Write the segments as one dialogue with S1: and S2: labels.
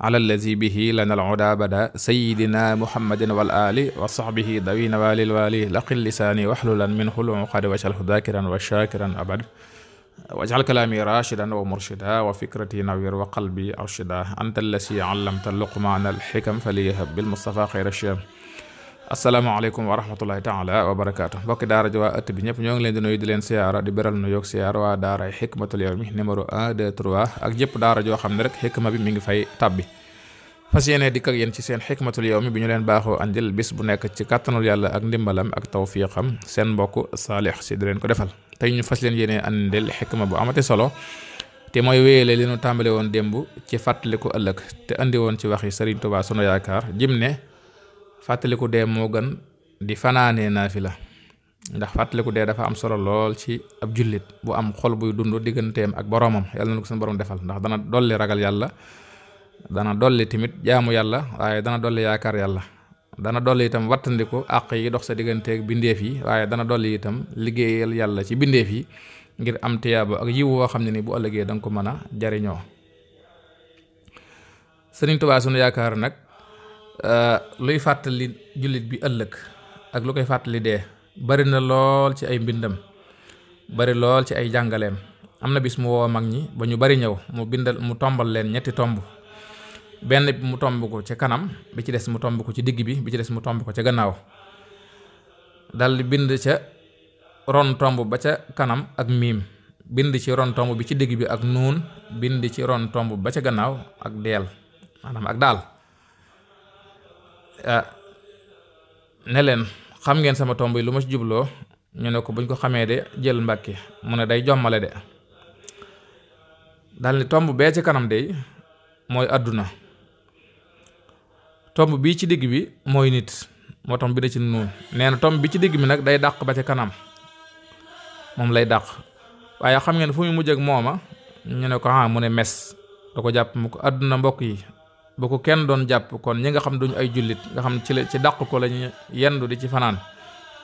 S1: ala allazi bihi lana al huda bada sayidina muhammadin wal ali wa sahbihi dawina walil wali laqil lisaani waxlulan min xuluqad waj'alhu dakiran wa shakiran abad waj'al kalaami rashidan wa murshida wa fikrati nawir wa qalbi arshida anta allasi allamta luqmaana alxikam faliyahab bilmustafa xayra shiyam asalaamaaleykum wa rahmatullahi taala wa barakaatu mbokki daara ji waa ëtt bi ñëpp ñoo ngi leen di nuyu di leen siyaara di beral nu yoog siyaar waa daaray xikmatul yawmi numéro 1 2 3 ak jëpp daara joo xam ne rek xikma bi mi ngi fay tabbi fas yéene dikk ak yéen ci seen xikmatul yawmi bi ñu leen baaxoo andil bis bu nekk ci kàttanul yàlla ak ndimbalam ak tawfiqam seen mbokk saalix si di leen ko defal tey ñu fas leen yéene andil xikma bu amati solo te mooy wéyale li ñu tàmbale woon démb ci fàttaliku ëllëg te andi woon ci waxi Sëriñ Tuubaa sunu yaakaar jim ne fàttaliku dee moo gën di fanaanee la ndax fàttaliku dee dafa am solo lool ci ab jullit bu am xol buy dund digganteem ak boromam yàlla na ko suñu borom defal ndax dana dolli ragal yàlla dana dolli tamit jaamu yàlla waaye dana dolli yaakaar yàlla dana dolli itam wattandiku àq yi dox sa digganteek bindeef yi waaye dana dolli itam liggéeyal yàlla ci bindeef yi ngir am tiyaaba ak yiw woo xam ne ni bu ëllëgee danga ko mën a jariñoo Sëriñ Tuubaa Euh, luy fàttali jullit bi ëllëg ak lu koy fàttali dee bari na lool ci ay mbindam bari lool ci ay jàngaleem am na bis mu woo mag ñi ba ñu bari ñëw mu bindal mu tombal leen ñetti tomb benn bi mu tomb ko ci kanam bi ci des mu tomb ko ci digg bi bi ci des mu tomb ko ca gannaaw daldi bind ca ron tomb ba ca kanam ak miim bind ci ron tomb bi ci digg bi ak nuun bind ci ron tomb ba ca gannaaw ak deel maanaam ak daal Ah, ne leen xam ngeen sama tomb yi lu ma ci jubloo ñu ne ko buñ ko xamee de jël mbàkki mu ne day jommale de dal ni tomb bee ci kanam de mooy àdduna tomb bii ci digg bi mooy nit moo tomb bi da ci nuun nee na tomb bi ci digg bi nag day dàq ba ci kanam moom lay dàq waaye xam ngeen fu muy mujj ak mooma ñu ne ko ah mu ne mes da ko jàpp mu ko àdduna mbokk yi bu ko kenn doon jàpp kon ñi nga xam duñu ay jullit nga xam ci la ci dàq ko la ñu yendu di ci fanaan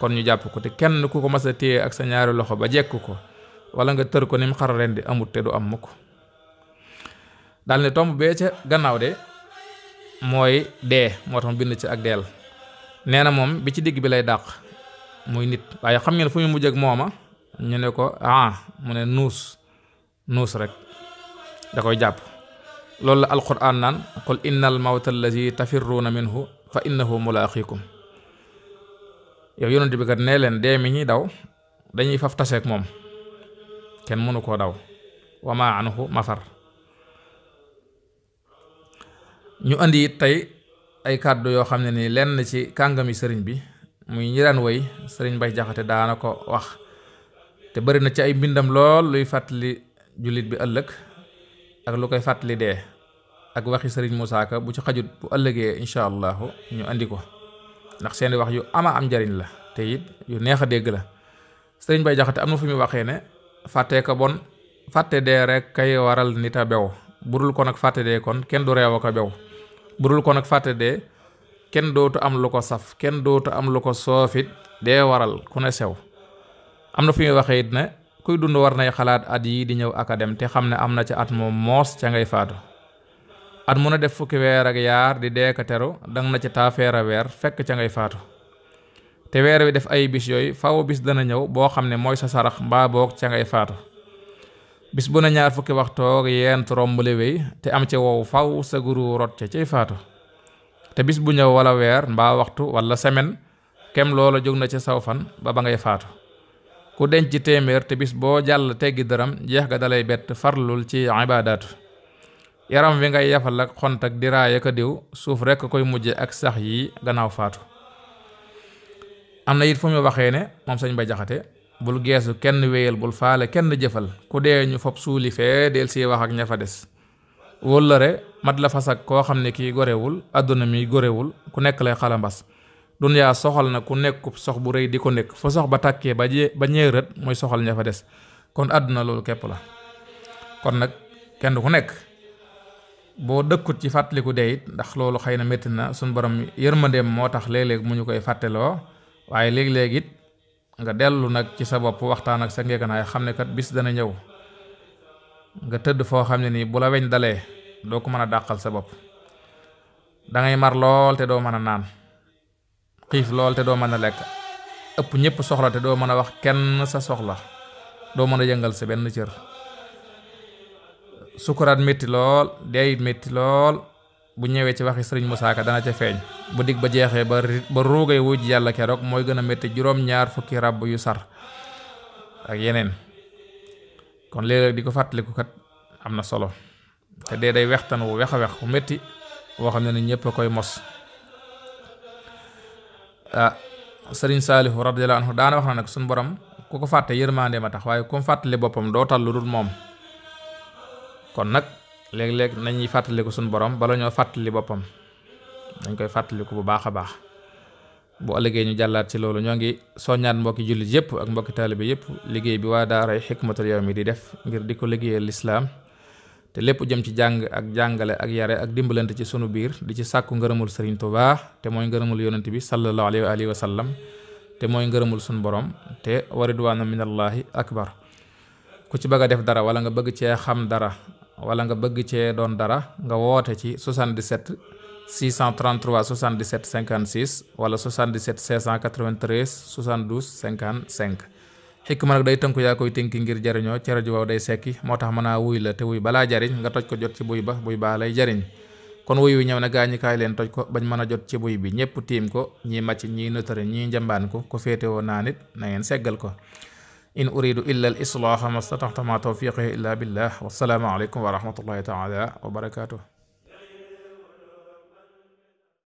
S1: kon ñu jàpp ko te kenn ku ko mas a téye ak sa ñaari loxo ba jekk ko wala nga tër ko ni mu xar leen di amut te du am mukk dal ne tomb bee ca gannaaw de mooy dee moo tax mu bind ci ak deel nee na moom bi ci digg bi lay dàq muy nit waaye xam ngeen fu ñu mujj ak mooma ñu ne ko ah mu ne nuus nuus rek da koy jàpp loolu la alquran naan qul innal mawta allazi tafirruuna minhu fa innahu mulaaqikum yow yonent bi kat nee leen dee mi ñuy daw dañuy faf taseek moom kenn mënu koo daw wama anhu mafar ñu indi it tey ay kàddu yoo xam ne nii lenn ci kàngami sëriñ bi muy ñi daan woy sëriñ Bay Jaxate daana ko wax te bari na ci ay mbindam lool luy fàttali jullit bi ëllëg ak lu koy fàttali dee ak waxi sëriñ Moussa Ka bu ci xajut bu ëllëgee incha allahu ñu andi ko ndax seeni wax yu ama am njariñ la teyit yu neex a dégg la sëriñ Bay Jaxate am na fu muy waxee ne fàttee ko bon fàtte dee rek kay waral nit a bew budul kon ak fàtte dee kon kenn du reew ak a bew budul kon fàtte dee kenn dootu am lu ko saf kenn dootu am lu ko soofit dee waral ku ne sew am na fu muy waxee it ne kuy dund war nay xalaat at yi di ñëw ak a dem te xam ne am na ca at moom moos ca ngay faatu at mun a def fukki weer ak yaar di deeka teru dang na ca taafeera weer fekk ca ngay faatu te weer wi def ay bis yooy faw bis dana ñëw boo xam ne mooy sa sarax mbaa boog ca ngay faatu bis bu na ñaar fukki waxtoog yeen trombale wéy te am ca wow faw sa guru rot ca cay faatu te bis bu ñëw wala weer mbaa waxtu walla semaine kem loola jóg na ca saw fan ba ba ngay faatu ku denc téeméer te bis boo jàll teggi dërëm jeex ga dalay bett farlul ci ibaadaatu yaram wi ngay yafal ak xont ak diraaya ka diw suuf rekk koy mujje ak sax yi gannaaw faatu am na it fu mu waxee ne moom sëñ Mbay Jaxate bul geesu kenn wéyal bul faale kenn jëfal ku dee ñu fob suuli fee del si wax ak ña fa des wóllëre mat la fas koo xam ne kii gorewul àdduna mi gorewul ku nekk lay xalambas dunyaa soxal na ku nekkub sox bu rëy di ko nekk fa sox ba tàkkee ba jee ba ñeerët mooy soxal ña fa des kon àdduna loolu képp la kon nag kenn ku nekk boo dëkkut ci fàttaliku dee it ndax loolu xëy na métti na suñ borom yërmandeem moo tax léeg-léeg mu ñu koy fàtteloo waaye léeg-léeg it nga dellu nag ci sa bopp waxtaan ak sa ngeeganaay xam ne kat bis dana ñëw nga tëdd foo xam ne nii bu la weñ dalee doo ko mën a dàqal sa bopp dangay mar lool doo mën a naan xiif lool te doo mën a lekk ëpp ñëpp soxla te doo mën a wax kenn sa soxla doo mën a yëngal sa benn cër sukuraat metti lool deeyit métti lool bu ñëwee ci waxi sëriñ musaaka dana ca feeñ bu digg ba jeexee ba ba ruugay wuj yàlla keroog mooy gën a métti juróom-ñaar fukki ràbb yu sar ak yeneen kon léeg di ko fàttalikukat am na solo te dee day wextan wu wex a wu métti woo ne ne ñëpp a koy mos Ah, sëriñ saalihu radiyallahu anhu daana wax na nag suñu borom ku ko fàtte yërmande ma tax waaye ku mu fàttali boppam doo tal lu dul moom kon nag léeg-léeg nañuy fàttaliku suñu borom bala ñoo fàttali boppam dañ koy fàttaliku bu baax a baax bu ëllëgee ñu jàllaat ci loolu ñoo ngi soññaat mbokki jullit yëpp ak mbokki taalibe yëpp liggéey bi waa daaray xikmatul yawmi di def ngir di ko liggéeyal lislaam te lépp jëm ci jàng ak jàngale ak yare ak dimbalante ci sunu biir di ci sàkku ngërëmul sëriñ Tuubaa te mooy ngërëmul yonent bi sallallahu alayhi wa alihi wa te mooy ngërëmul sunu borom te wa ridwaanun minallaahi akbar ku ci bëgg a def dara wala nga bëgg cee xam dara wala nga bëgg cee doon dara nga woote ci 77 633 77 56 wala 77 693 72 55 xikma nag day tënku yaa koy tënki ngir jariñoo ca rajo waaw day sekki moo tax mën a wuy la te wuy balaa jariñ nga toj ko jot ci buy ba buy baa lay jariñ kon wuy wi ñëw na gaa kaay leen toj ko bañ mën a jot ci buy bi ñëpp tiim ko ñii màcc ñii notari ñii njambaan ko ko féetewoo naa nit na ngeen seggal ko in uridu illa al islaaha mastataxtama tawfiqi illa billah wasalaamu aleykum wa rahmatullahi taala wa barakatuh